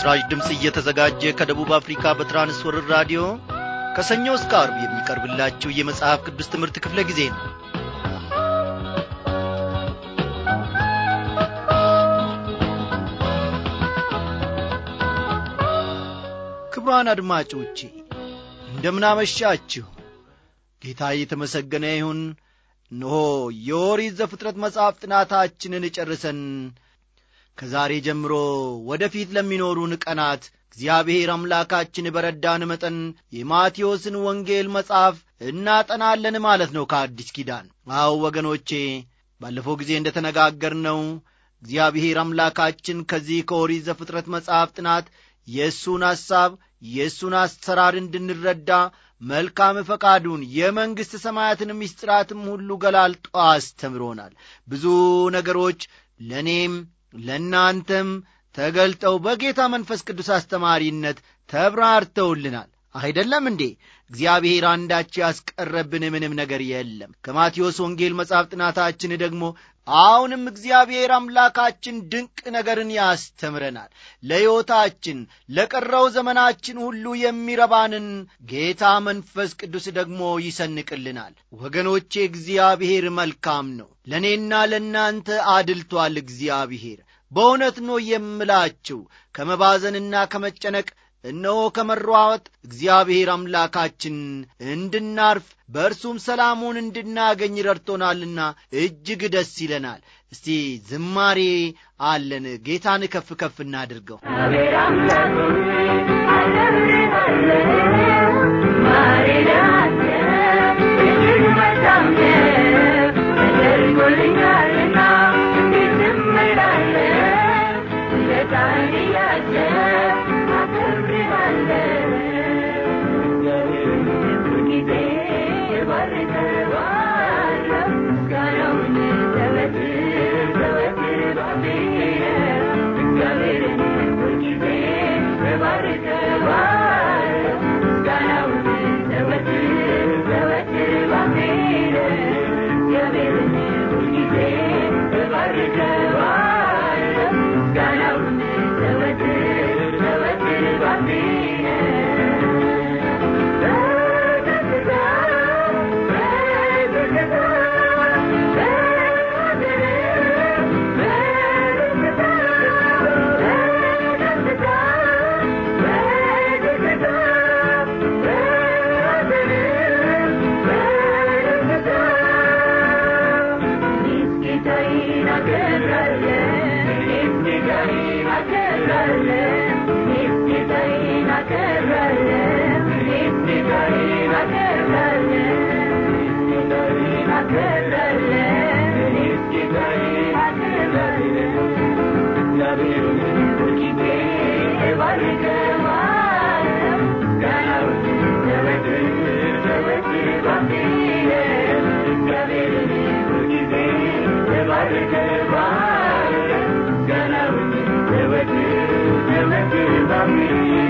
ለምስራች ድምፅ እየተዘጋጀ ከደቡብ አፍሪካ በትራንስወርር ራዲዮ ከሰኞ እስከ አርብ የሚቀርብላችሁ የመጽሐፍ ቅዱስ ትምህርት ክፍለ ጊዜ ነው ክብሯን አድማጮቼ እንደምናመሻችሁ ጌታ የተመሰገነ ይሁን እነሆ የኦሪት ዘፍጥረት መጽሐፍ ጥናታችንን ጨርሰን ከዛሬ ጀምሮ ወደፊት ለሚኖሩን ቀናት እግዚአብሔር አምላካችን በረዳን መጠን የማቴዎስን ወንጌል መጽሐፍ እናጠናለን ማለት ነው ከአዲስ ኪዳን። አው ወገኖቼ፣ ባለፈው ጊዜ እንደ ነው እግዚአብሔር አምላካችን ከዚህ ከኦሪት ዘፍጥረት መጽሐፍ ጥናት የእሱን ሐሳብ የእሱን አሰራር እንድንረዳ መልካም ፈቃዱን የመንግሥት ሰማያትን ምስጢራትም ሁሉ ገላልጦ አስተምሮናል። ብዙ ነገሮች ለእኔም ለእናንተም ተገልጠው በጌታ መንፈስ ቅዱስ አስተማሪነት ተብራርተውልናል አይደለም እንዴ? እግዚአብሔር አንዳች ያስቀረብን ምንም ነገር የለም። ከማቴዎስ ወንጌል መጽሐፍ ጥናታችን ደግሞ አሁንም እግዚአብሔር አምላካችን ድንቅ ነገርን ያስተምረናል። ለሕይወታችን ለቀረው ዘመናችን ሁሉ የሚረባንን ጌታ መንፈስ ቅዱስ ደግሞ ይሰንቅልናል። ወገኖቼ እግዚአብሔር መልካም ነው። ለእኔና ለእናንተ አድልቷል እግዚአብሔር። በእውነት ነው የምላችው ከመባዘንና ከመጨነቅ እነሆ ከመሯወጥ እግዚአብሔር አምላካችን እንድናርፍ በእርሱም ሰላሙን እንድናገኝ ረድቶናልና እጅግ ደስ ይለናል። እስቲ ዝማሬ አለን። ጌታን ከፍ ከፍ እናድርገው። ማሬ Thank you.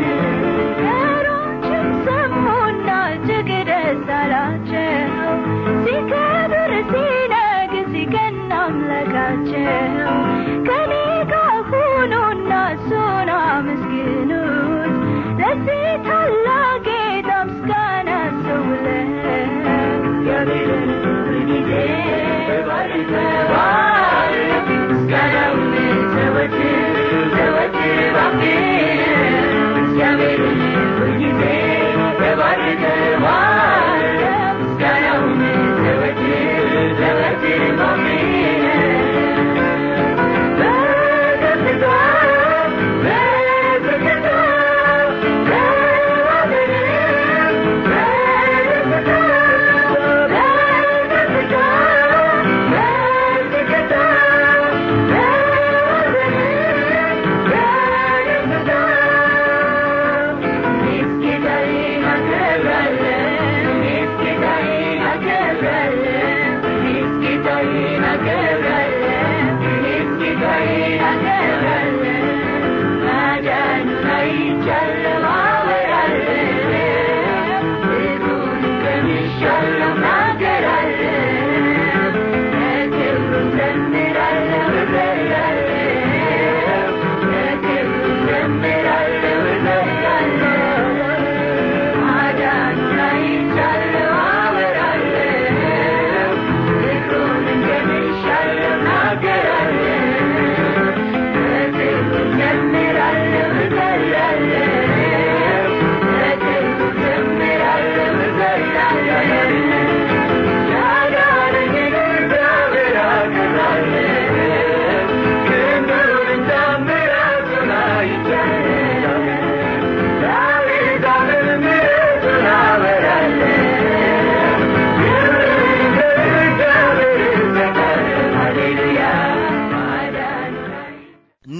again.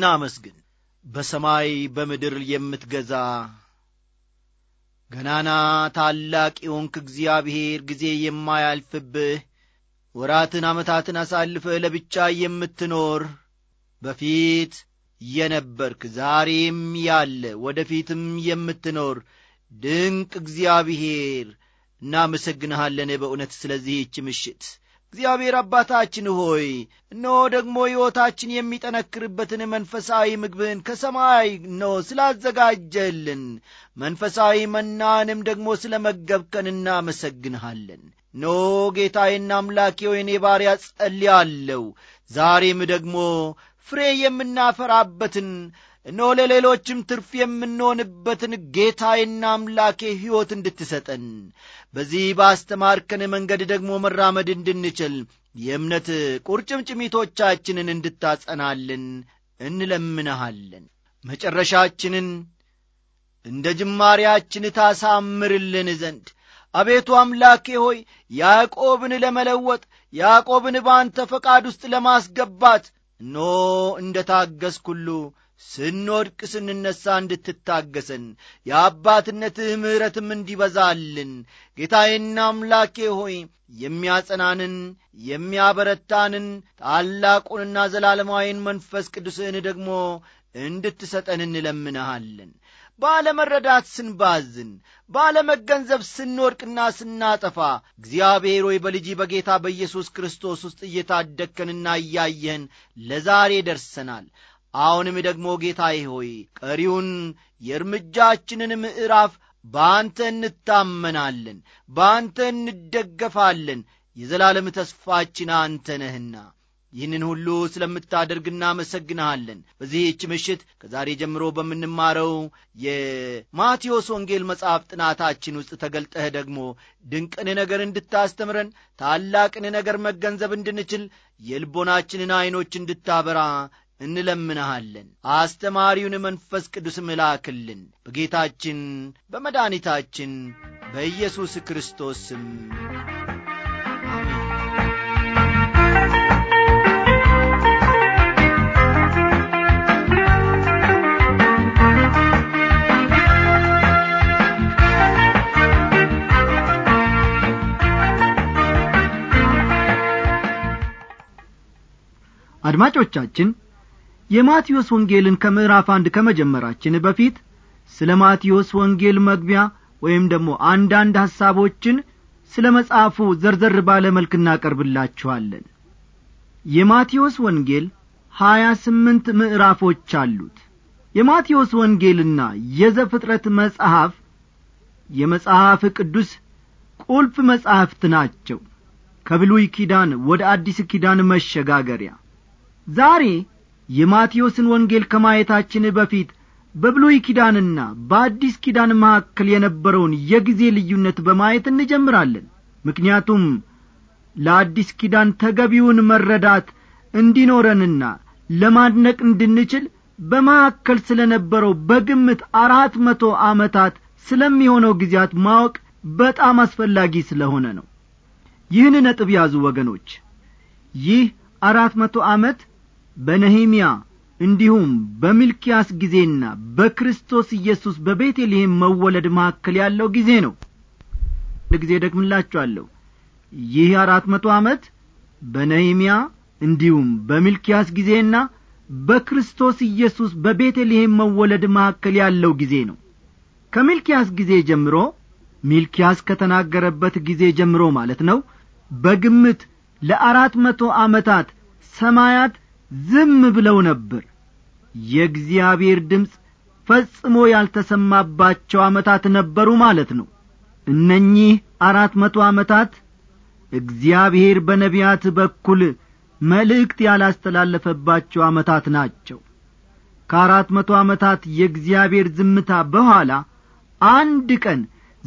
እናመስግን በሰማይ በምድር የምትገዛ ገናና ታላቅ የሆንክ እግዚአብሔር ጊዜ የማያልፍብህ ወራትን ዓመታትን አሳልፈ ለብቻ የምትኖር በፊት የነበርክ ዛሬም ያለ ወደ ፊትም የምትኖር ድንቅ እግዚአብሔር እናመሰግንሃለን በእውነት ስለዚህች ምሽት እግዚአብሔር አባታችን ሆይ እነሆ ደግሞ ሕይወታችን የሚጠነክርበትን መንፈሳዊ ምግብን ከሰማይ ነው ስላዘጋጀልን መንፈሳዊ መናንም ደግሞ ስለ መገብከን እናመሰግንሃለን። ኖ ጌታዬና አምላኬ ሆይ እኔ ባሪያ ጸልያለሁ። ዛሬም ደግሞ ፍሬ የምናፈራበትን እነሆ ለሌሎችም ትርፍ የምንሆንበትን ጌታዬና አምላኬ ሕይወት እንድትሰጠን በዚህ ባስተማርከን መንገድ ደግሞ መራመድ እንድንችል የእምነት ቁርጭምጭሚቶቻችንን እንድታጸናልን እንለምንሃለን። መጨረሻችንን እንደ ጅማሪያችን ታሳምርልን ዘንድ አቤቱ አምላኬ ሆይ ያዕቆብን ለመለወጥ ያዕቆብን በአንተ ፈቃድ ውስጥ ለማስገባት እኖ እንደ ታገዝኩሉ ስንወድቅ ስንነሣ እንድትታገሰን የአባትነትህ ምሕረትም እንዲበዛልን ጌታዬና አምላኬ ሆይ የሚያጸናንን የሚያበረታንን ታላቁንና ዘላለማዊን መንፈስ ቅዱስህን ደግሞ እንድትሰጠን እንለምንሃለን። ባለመረዳት ስንባዝን ባለመገንዘብ ስንወድቅና ስናጠፋ እግዚአብሔር ሆይ በልጅ በጌታ በኢየሱስ ክርስቶስ ውስጥ እየታደግከንና እያየህን ለዛሬ ደርሰናል። አሁንም ደግሞ ጌታዬ ሆይ ቀሪውን የእርምጃችንን ምዕራፍ በአንተ እንታመናለን፣ በአንተ እንደገፋለን፣ የዘላለም ተስፋችን አንተ ነህና ይህንን ሁሉ ስለምታደርግ እናመሰግንሃለን። በዚህች ምሽት ከዛሬ ጀምሮ በምንማረው የማቴዎስ ወንጌል መጽሐፍ ጥናታችን ውስጥ ተገልጠህ ደግሞ ድንቅን ነገር እንድታስተምረን ታላቅን ነገር መገንዘብ እንድንችል የልቦናችንን ዐይኖች እንድታበራ እንለምንሃለን። አስተማሪውን መንፈስ ቅዱስም ላክልን በጌታችን በመድኃኒታችን በኢየሱስ ክርስቶስ አድማጮቻችን የማቴዎስ ወንጌልን ከምዕራፍ አንድ ከመጀመራችን በፊት ስለ ማቴዎስ ወንጌል መግቢያ ወይም ደግሞ አንዳንድ ሐሳቦችን ስለ መጽሐፉ ዘርዘር ባለ መልክ እናቀርብላችኋለን የማቴዎስ ወንጌል ሀያ ስምንት ምዕራፎች አሉት የማቴዎስ ወንጌልና የዘፍጥረት መጽሐፍ የመጽሐፍ ቅዱስ ቁልፍ መጻሕፍት ናቸው ከብሉይ ኪዳን ወደ አዲስ ኪዳን መሸጋገሪያ ዛሬ የማቴዎስን ወንጌል ከማየታችን በፊት በብሉይ ኪዳንና በአዲስ ኪዳን መካከል የነበረውን የጊዜ ልዩነት በማየት እንጀምራለን ምክንያቱም ለአዲስ ኪዳን ተገቢውን መረዳት እንዲኖረንና ለማድነቅ እንድንችል በማካከል ስለ ነበረው በግምት አራት መቶ ዓመታት ስለሚሆነው ጊዜያት ማወቅ በጣም አስፈላጊ ስለሆነ ነው ይህን ነጥብ ያዙ ወገኖች ይህ አራት መቶ ዓመት በነህምያ እንዲሁም በሚልኪያስ ጊዜና በክርስቶስ ኢየሱስ በቤተልሔም መወለድ መካከል ያለው ጊዜ ነው ጊዜ ደግምላችኋለሁ ይህ አራት መቶ ዓመት በነህምያ እንዲሁም በሚልኪያስ ጊዜና በክርስቶስ ኢየሱስ በቤተልሔም መወለድ መካከል ያለው ጊዜ ነው ከሚልኪያስ ጊዜ ጀምሮ ሚልኪያስ ከተናገረበት ጊዜ ጀምሮ ማለት ነው በግምት ለአራት መቶ ዓመታት ሰማያት ዝም ብለው ነበር የእግዚአብሔር ድምፅ ፈጽሞ ያልተሰማባቸው ዓመታት ነበሩ ማለት ነው እነኚህ አራት መቶ ዓመታት እግዚአብሔር በነቢያት በኩል መልእክት ያላስተላለፈባቸው ዓመታት ናቸው ከአራት መቶ ዓመታት የእግዚአብሔር ዝምታ በኋላ አንድ ቀን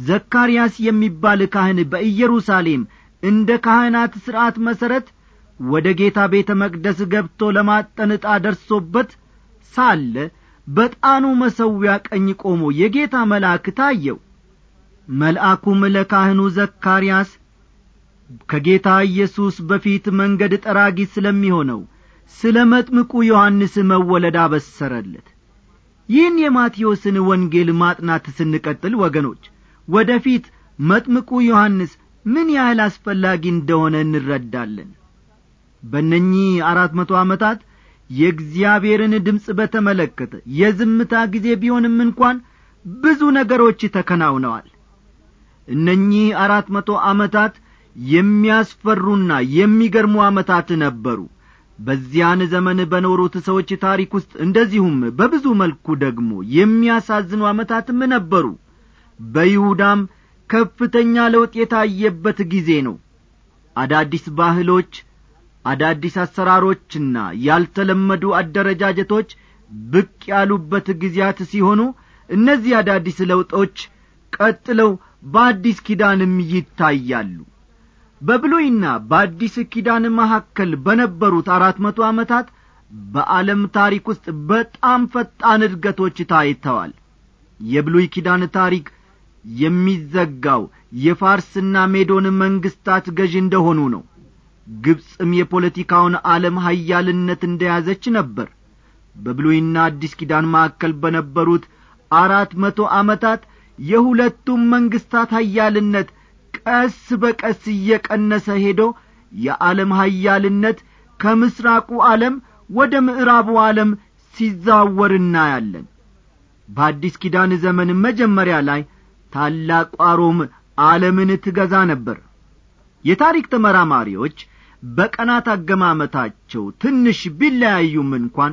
ዘካርያስ የሚባል ካህን በኢየሩሳሌም እንደ ካህናት ሥርዐት መሠረት ወደ ጌታ ቤተ መቅደስ ገብቶ ለማጠን ዕጣ ደርሶበት ሳለ በጣኑ መሠዊያ ቀኝ ቆሞ የጌታ መልአክ ታየው መልአኩም ለካህኑ ዘካርያስ ከጌታ ኢየሱስ በፊት መንገድ ጠራጊ ስለሚሆነው ስለ መጥምቁ ዮሐንስ መወለድ አበሰረለት ይህን የማቴዎስን ወንጌል ማጥናት ስንቀጥል ወገኖች ወደ ፊት መጥምቁ ዮሐንስ ምን ያህል አስፈላጊ እንደሆነ እንረዳለን በእነኚህ አራት መቶ ዓመታት የእግዚአብሔርን ድምፅ በተመለከተ የዝምታ ጊዜ ቢሆንም እንኳን ብዙ ነገሮች ተከናውነዋል እነኚህ አራት መቶ ዓመታት የሚያስፈሩና የሚገርሙ ዓመታት ነበሩ በዚያን ዘመን በኖሩት ሰዎች ታሪክ ውስጥ እንደዚሁም በብዙ መልኩ ደግሞ የሚያሳዝኑ ዓመታትም ነበሩ በይሁዳም ከፍተኛ ለውጥ የታየበት ጊዜ ነው አዳዲስ ባህሎች አዳዲስ አሰራሮችና ያልተለመዱ አደረጃጀቶች ብቅ ያሉበት ጊዜያት ሲሆኑ እነዚህ አዳዲስ ለውጦች ቀጥለው በአዲስ ኪዳንም ይታያሉ በብሉይና በአዲስ ኪዳን መካከል በነበሩት አራት መቶ ዓመታት በዓለም ታሪክ ውስጥ በጣም ፈጣን እድገቶች ታይተዋል የብሉይ ኪዳን ታሪክ የሚዘጋው የፋርስና ሜዶን መንግስታት ገዥ እንደሆኑ ነው ግብፅም የፖለቲካውን ዓለም ሀያልነት እንደያዘች ነበር በብሉይና አዲስ ኪዳን ማዕከል በነበሩት አራት መቶ ዓመታት የሁለቱም መንግሥታት ሀያልነት ቀስ በቀስ እየቀነሰ ሄዶ የዓለም ሀያልነት ከምሥራቁ ዓለም ወደ ምዕራቡ ዓለም ሲዛወር እናያለን በአዲስ ኪዳን ዘመን መጀመሪያ ላይ ታላቋ ሮም ዓለምን ትገዛ ነበር የታሪክ ተመራማሪዎች በቀናት አገማመታቸው ትንሽ ቢለያዩም እንኳን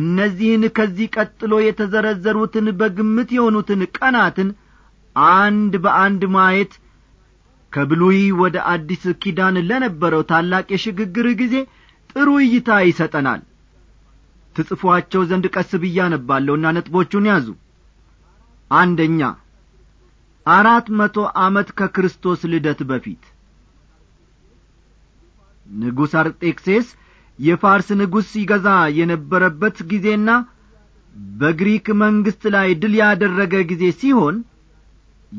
እነዚህን ከዚህ ቀጥሎ የተዘረዘሩትን በግምት የሆኑትን ቀናትን አንድ በአንድ ማየት ከብሉይ ወደ አዲስ ኪዳን ለነበረው ታላቅ የሽግግር ጊዜ ጥሩ እይታ ይሰጠናል ትጽፏቸው ዘንድ ቀስ ብዬ ነጥቦቹን ያዙ አንደኛ አራት መቶ ዓመት ከክርስቶስ ልደት በፊት ንጉሥ አርጤክሴስ የፋርስ ንጉሥ ሲገዛ የነበረበት ጊዜና በግሪክ መንግሥት ላይ ድል ያደረገ ጊዜ ሲሆን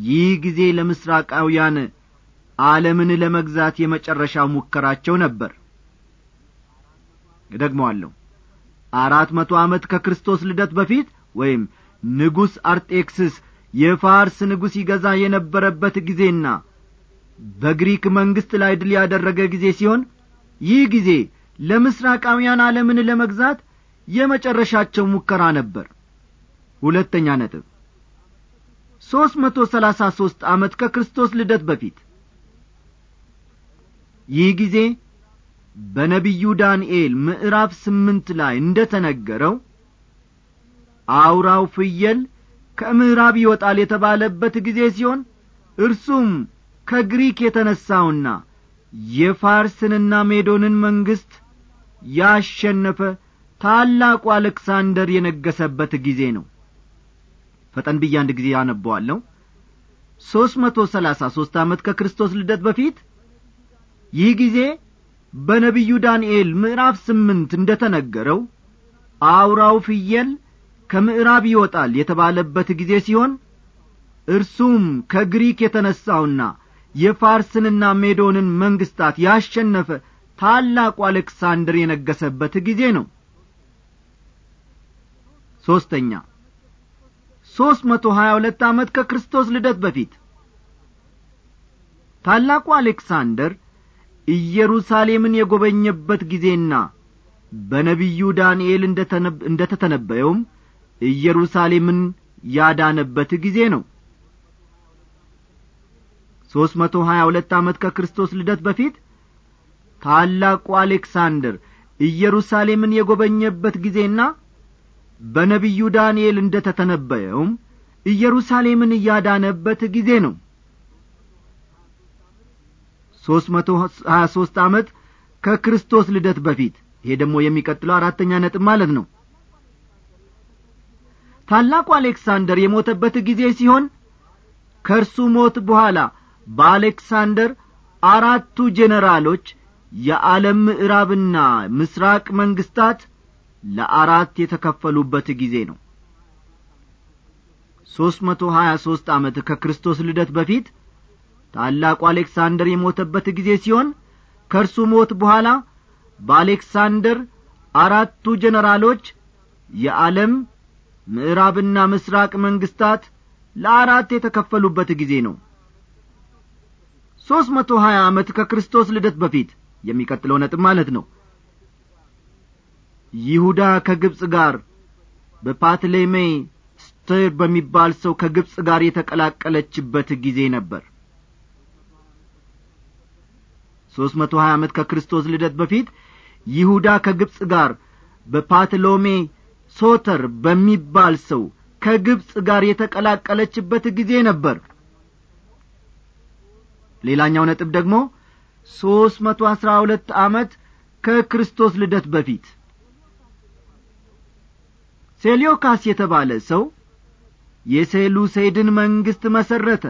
ይህ ጊዜ ለምሥራቃውያን ዓለምን ለመግዛት የመጨረሻው ሙከራቸው ነበር እደግመዋለሁ አራት መቶ ዓመት ከክርስቶስ ልደት በፊት ወይም ንጉሥ አርጤክስስ የፋርስ ንጉሥ ይገዛ የነበረበት ጊዜና በግሪክ መንግሥት ላይ ድል ያደረገ ጊዜ ሲሆን ይህ ጊዜ ለምሥራቃውያን ዓለምን ለመግዛት የመጨረሻቸው ሙከራ ነበር ሁለተኛ ነጥብ ሦስት መቶ ሰላሳ ሦስት ዓመት ከክርስቶስ ልደት በፊት ይህ ጊዜ በነቢዩ ዳንኤል ምዕራፍ ስምንት ላይ እንደ ተነገረው አውራው ፍየል ከምዕራብ ይወጣል የተባለበት ጊዜ ሲሆን እርሱም ከግሪክ የተነሣውና የፋርስንና ሜዶንን መንግሥት ያሸነፈ ታላቁ አሌክሳንደር የነገሰበት ጊዜ ነው ፈጠን ብዬ አንድ ጊዜ አነበዋለሁ ሦስት መቶ ሰላሳ ሦስት ዓመት ከክርስቶስ ልደት በፊት ይህ ጊዜ በነቢዩ ዳንኤል ምዕራፍ ስምንት እንደ ተነገረው አውራው ፍየል ከምዕራብ ይወጣል የተባለበት ጊዜ ሲሆን እርሱም ከግሪክ የተነሣውና የፋርስንና ሜዶንን መንግሥታት ያሸነፈ ታላቁ አሌክሳንድር የነገሰበት ጊዜ ነው ሦስተኛ ሦስት መቶ ሀያ ሁለት ዓመት ከክርስቶስ ልደት በፊት ታላቁ አሌክሳንደር ኢየሩሳሌምን የጐበኘበት ጊዜና በነቢዩ ዳንኤል እንደ ተተነበየውም ኢየሩሳሌምን ያዳነበት ጊዜ ነው ሦስት መቶ ሀያ ሁለት ዓመት ከክርስቶስ ልደት በፊት ታላቁ አሌክሳንደር ኢየሩሳሌምን የጐበኘበት ጊዜና በነቢዩ ዳንኤል እንደ ተተነበየውም ኢየሩሳሌምን እያዳነበት ጊዜ ነው ሦስት መቶ ሀያ ሦስት ዓመት ከክርስቶስ ልደት በፊት ይሄ ደግሞ የሚቀጥለው አራተኛ ነጥብ ማለት ነው ታላቁ አሌክሳንደር የሞተበት ጊዜ ሲሆን ከእርሱ ሞት በኋላ በአሌክሳንደር አራቱ ጄኔራሎች የዓለም ምዕራብና ምስራቅ መንግስታት ለአራት የተከፈሉበት ጊዜ ነው ሦስት መቶ ሀያ ሦስት ዓመት ከክርስቶስ ልደት በፊት ታላቁ አሌክሳንደር የሞተበት ጊዜ ሲሆን ከእርሱ ሞት በኋላ በአሌክሳንደር አራቱ ጀነራሎች የዓለም ምዕራብና ምስራቅ መንግስታት ለአራት የተከፈሉበት ጊዜ ነው ሦስት መቶ ሀያ ዓመት ከክርስቶስ ልደት በፊት የሚቀጥለው ነጥብ ማለት ነው ይሁዳ ከግብፅ ጋር በፓትሌሜ ስቴር በሚባል ሰው ከግብፅ ጋር የተቀላቀለችበት ጊዜ ነበር ሦስት መቶ ሀያ ዓመት ከክርስቶስ ልደት በፊት ይሁዳ ከግብፅ ጋር በፓትሎሜ ሶተር በሚባል ሰው ከግብፅ ጋር የተቀላቀለችበት ጊዜ ነበር ሌላኛው ነጥብ ደግሞ ሦስት መቶ አሥራ ሁለት ዓመት ከክርስቶስ ልደት በፊት ሴልዮካስ የተባለ ሰው የሴሉሴድን መንግሥት መሠረተ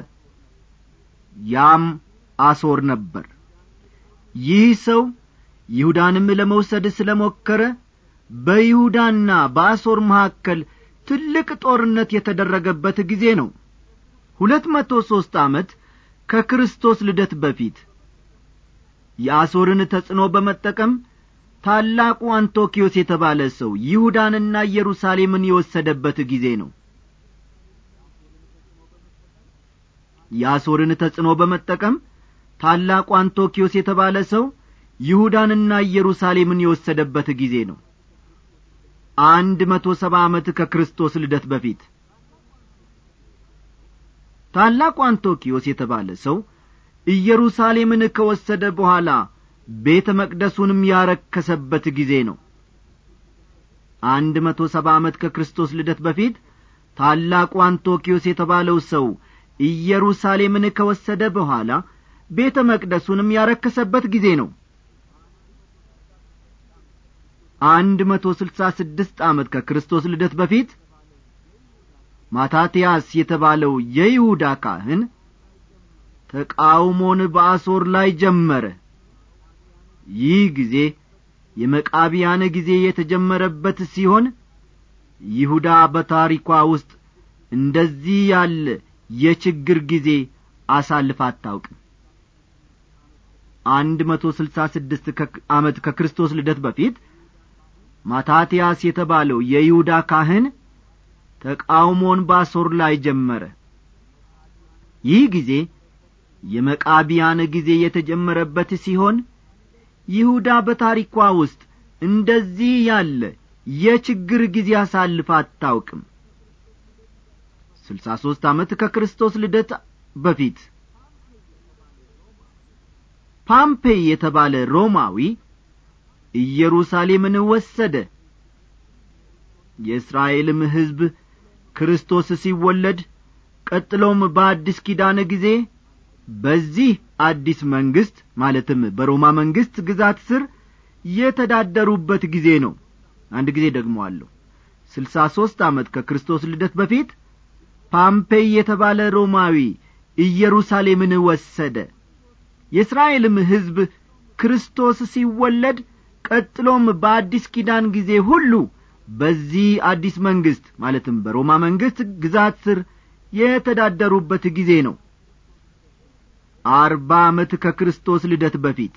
ያም አሶር ነበር ይህ ሰው ይሁዳንም ለመውሰድ ስለ ሞከረ በይሁዳና በአሶር መካከል ትልቅ ጦርነት የተደረገበት ጊዜ ነው ሁለት መቶ ሦስት ዓመት ከክርስቶስ ልደት በፊት የአሦርን ተጽዕኖ በመጠቀም ታላቁ አንቶኪዮስ የተባለ ሰው ይሁዳንና ኢየሩሳሌምን የወሰደበት ጊዜ ነው የአሦርን ተጽዕኖ በመጠቀም ታላቁ አንቶኪዮስ የተባለ ሰው ይሁዳንና ኢየሩሳሌምን የወሰደበት ጊዜ ነው አንድ መቶ ሰባ ዓመት ከክርስቶስ ልደት በፊት ታላቁ አንቶኪዮስ የተባለ ሰው ኢየሩሳሌምን ከወሰደ በኋላ ቤተ መቅደሱንም ያረከሰበት ጊዜ ነው አንድ መቶ ሰባ ዓመት ከክርስቶስ ልደት በፊት ታላቁ አንቶኪዮስ የተባለው ሰው ኢየሩሳሌምን ከወሰደ በኋላ ቤተ መቅደሱንም ያረከሰበት ጊዜ ነው አንድ መቶ ስልሳ ስድስት ዓመት ከክርስቶስ ልደት በፊት ማታትያስ የተባለው የይሁዳ ካህን ተቃውሞን በአሶር ላይ ጀመረ ይህ ጊዜ የመቃቢያን ጊዜ የተጀመረበት ሲሆን ይሁዳ በታሪኳ ውስጥ እንደዚህ ያለ የችግር ጊዜ አሳልፍ አታውቅም አንድ መቶ ስልሳ ስድስት ዓመት ከክርስቶስ ልደት በፊት ማታትያስ የተባለው የይሁዳ ካህን ተቃውሞን ባሶር ላይ ጀመረ ይህ ጊዜ የመቃቢያን ጊዜ የተጀመረበት ሲሆን ይሁዳ በታሪኳ ውስጥ እንደዚህ ያለ የችግር ጊዜ አሳልፋ አታውቅም ስልሳ ሦስት ዓመት ከክርስቶስ ልደት በፊት ፓምፔይ የተባለ ሮማዊ ኢየሩሳሌምን ወሰደ የእስራኤልም ሕዝብ ክርስቶስ ሲወለድ ቀጥሎም በአዲስ ኪዳን ጊዜ በዚህ አዲስ መንግሥት ማለትም በሮማ መንግሥት ግዛት ስር የተዳደሩበት ጊዜ ነው አንድ ጊዜ ደግሞ አለሁ ስልሳ ሦስት ዓመት ከክርስቶስ ልደት በፊት ፓምፔይ የተባለ ሮማዊ ኢየሩሳሌምን ወሰደ የእስራኤልም ሕዝብ ክርስቶስ ሲወለድ ቀጥሎም በአዲስ ኪዳን ጊዜ ሁሉ በዚህ አዲስ መንግሥት ማለትም በሮማ መንግሥት ግዛት ስር የተዳደሩበት ጊዜ ነው አርባ ዓመት ከክርስቶስ ልደት በፊት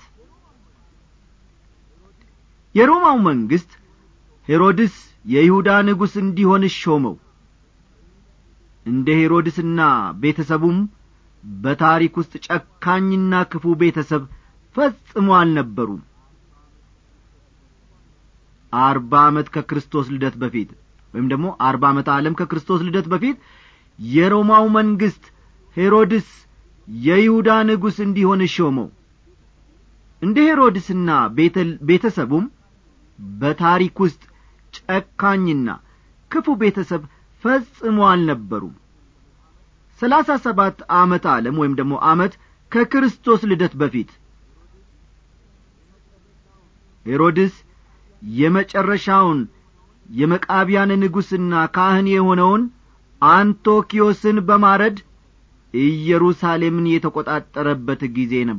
የሮማው መንግሥት ሄሮድስ የይሁዳ ንጉሥ እንዲሆን ሾመው እንደ ሄሮድስና ቤተሰቡም በታሪክ ውስጥ ጨካኝና ክፉ ቤተሰብ ፈጽሞ አልነበሩም አርባ ዓመት ከክርስቶስ ልደት በፊት ወይም ደግሞ አርባ ዓመት ዓለም ከክርስቶስ ልደት በፊት የሮማው መንግሥት ሄሮድስ የይሁዳ ንጉሥ እንዲሆን ሾመው እንደ ሄሮድስና ቤተሰቡም በታሪክ ውስጥ ጨካኝና ክፉ ቤተሰብ ፈጽሞ አልነበሩም ሰላሳ ሰባት ዓመት ዓለም ወይም ደግሞ ዓመት ከክርስቶስ ልደት በፊት ሄሮድስ የመጨረሻውን የመቃቢያን ንጉሥና ካህን የሆነውን አንቶኪዮስን በማረድ ኢየሩሳሌምን የተቈጣጠረበት ጊዜ ነው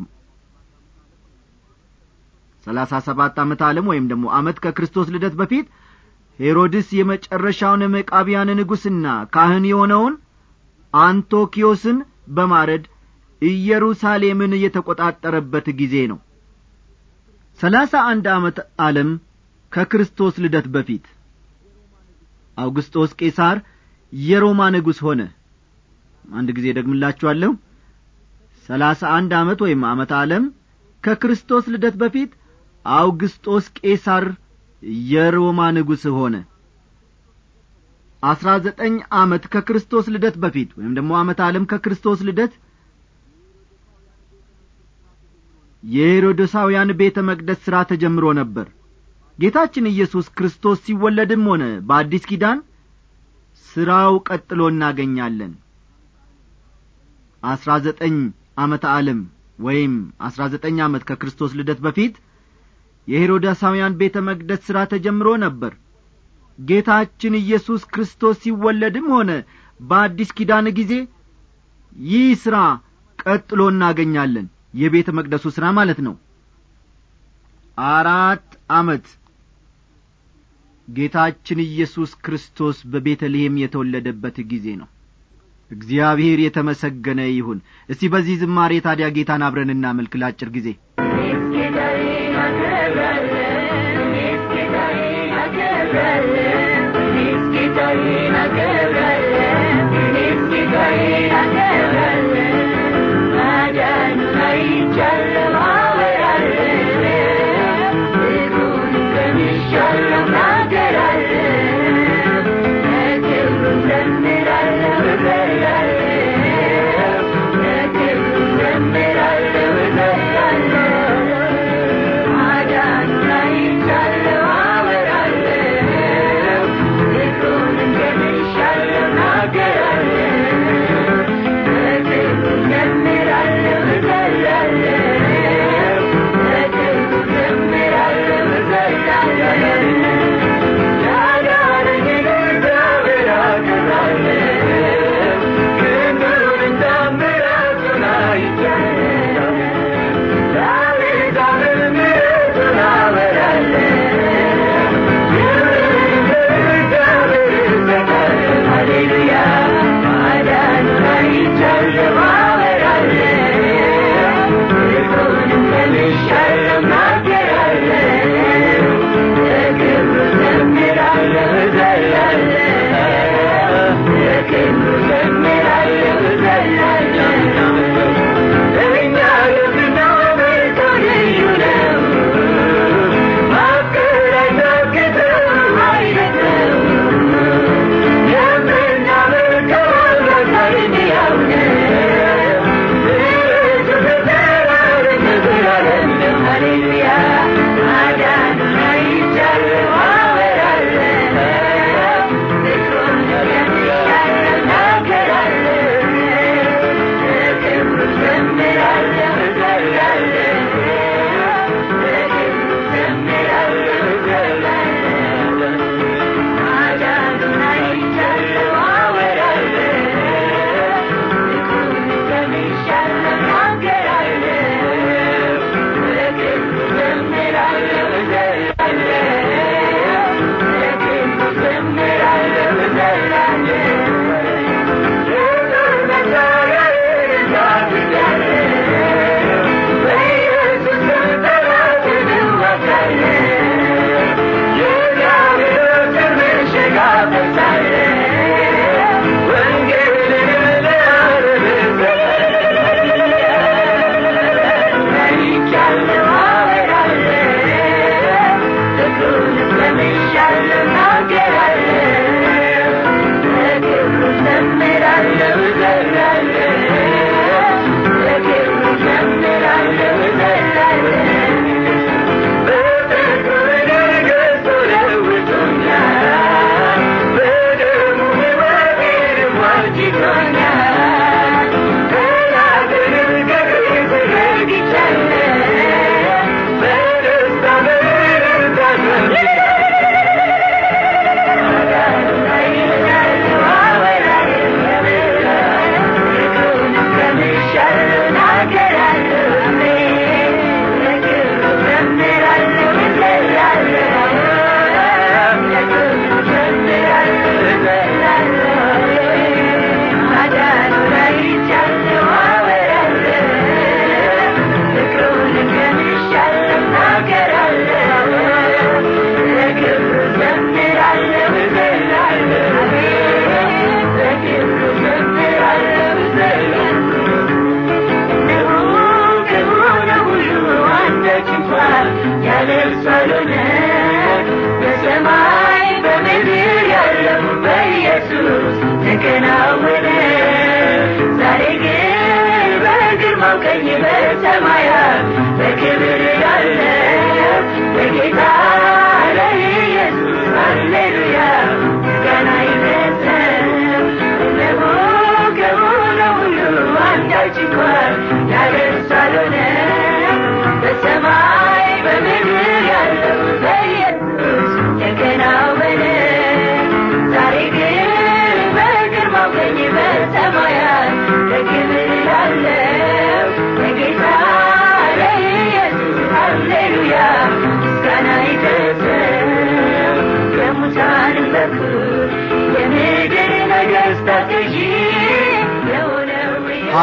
ሰላሳ ሰባት ዓመት ዓለም ወይም ደግሞ ዓመት ከክርስቶስ ልደት በፊት ሄሮድስ የመጨረሻውን መቃቢያን ንጉሥና ካህን የሆነውን አንቶኪዮስን በማረድ ኢየሩሳሌምን የተቈጣጠረበት ጊዜ ነው ሰላሳ አንድ ዓመት ዓለም ከክርስቶስ ልደት በፊት አውግስጦስ ቄሳር የሮማ ንጉሥ ሆነ አንድ ጊዜ ደግምላችኋለሁ ሰላሳ አንድ ዓመት ወይም ዓመት ዓለም ከክርስቶስ ልደት በፊት አውግስጦስ ቄሳር የሮማ ንጉሥ ሆነ አስራ ዘጠኝ ዓመት ከክርስቶስ ልደት በፊት ወይም ደግሞ ዓመት ዓለም ከክርስቶስ ልደት የሄሮድሳውያን ቤተ መቅደስ ሥራ ተጀምሮ ነበር ጌታችን ኢየሱስ ክርስቶስ ሲወለድም ሆነ በአዲስ ኪዳን ሥራው ቀጥሎ እናገኛለን አሥራ ዘጠኝ ዓመተ ዓለም ወይም አሥራ ዘጠኝ ዓመት ከክርስቶስ ልደት በፊት የሄሮዳሳውያን ቤተ መቅደስ ሥራ ተጀምሮ ነበር ጌታችን ኢየሱስ ክርስቶስ ሲወለድም ሆነ በአዲስ ኪዳን ጊዜ ይህ ሥራ ቀጥሎ እናገኛለን የቤተ መቅደሱ ሥራ ማለት ነው አራት ዓመት ጌታችን ኢየሱስ ክርስቶስ በቤተልሔም የተወለደበት ጊዜ ነው እግዚአብሔር የተመሰገነ ይሁን እስቲ በዚህ ዝማሬ ታዲያ ጌታን አብረን እናመልክ ለአጭር ጊዜ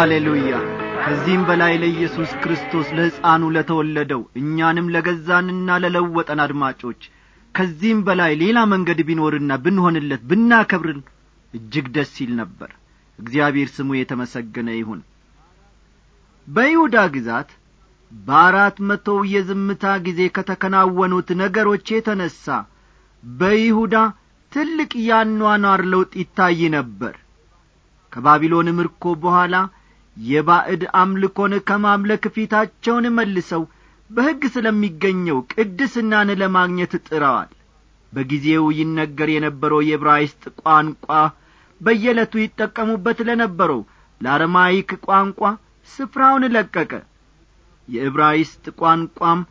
ሃሌሉያ ከዚህም በላይ ለኢየሱስ ክርስቶስ ለሕፃኑ ለተወለደው እኛንም ለገዛንና ለለወጠን አድማጮች ከዚህም በላይ ሌላ መንገድ ቢኖርና ብንሆንለት ብናከብርን እጅግ ደስ ይል ነበር እግዚአብሔር ስሙ የተመሰገነ ይሁን በይሁዳ ግዛት በአራት መቶው የዝምታ ጊዜ ከተከናወኑት ነገሮች የተነሣ በይሁዳ ትልቅ ያኗኗር ለውጥ ይታይ ነበር ከባቢሎን ምርኮ በኋላ የባዕድ አምልኮን ከማምለክ ፊታቸውን መልሰው በሕግ ስለሚገኘው ቅድስናን ለማግኘት ጥረዋል በጊዜው ይነገር የነበረው የብራይስጥ ቋንቋ በየዕለቱ ይጠቀሙበት ለነበረው ለአረማይክ ቋንቋ ስፍራውን ለቀቀ የዕብራይስጥ ቋንቋም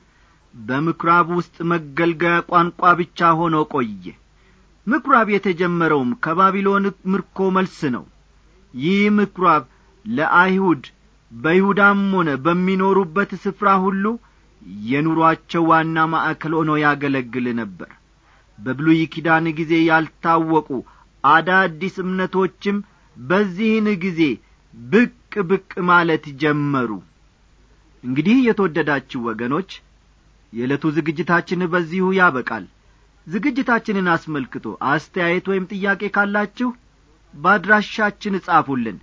በምኵራብ ውስጥ መገልገያ ቋንቋ ብቻ ሆኖ ቆየ ምኵራብ የተጀመረውም ከባቢሎን ምርኮ መልስ ነው ይህ ምኵራብ ለአይሁድ በይሁዳም ሆነ በሚኖሩበት ስፍራ ሁሉ የኑሮአቸው ዋና ማዕከል ሆኖ ያገለግል ነበር በብሉይ ኪዳን ጊዜ ያልታወቁ አዳዲስ እምነቶችም በዚህን ጊዜ ብቅ ብቅ ማለት ጀመሩ እንግዲህ የተወደዳችሁ ወገኖች የዕለቱ ዝግጅታችን በዚሁ ያበቃል ዝግጅታችንን አስመልክቶ አስተያየት ወይም ጥያቄ ካላችሁ በአድራሻችን ጻፉልን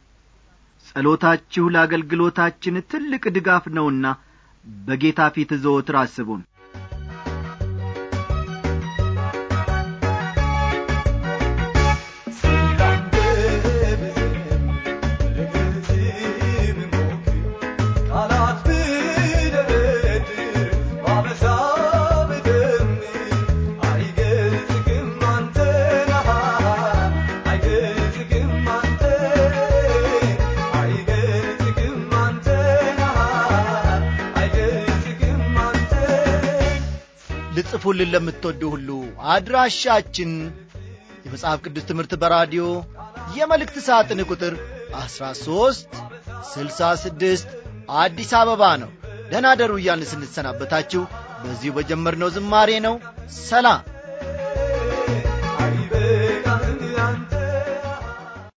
ጸሎታችሁ ለአገልግሎታችን ትልቅ ድጋፍ ነውና በጌታ ፊት ዘወትር አስቡን ልትልኩልን ለምትወዱ ሁሉ አድራሻችን የመጽሐፍ ቅዱስ ትምህርት በራዲዮ የመልእክት ሳጥን ቁጥር 13 66 አዲስ አበባ ነው። ደህና ደሩ እያልን ስንሰናበታችሁ በዚሁ በጀመርነው ዝማሬ ነው። ሰላም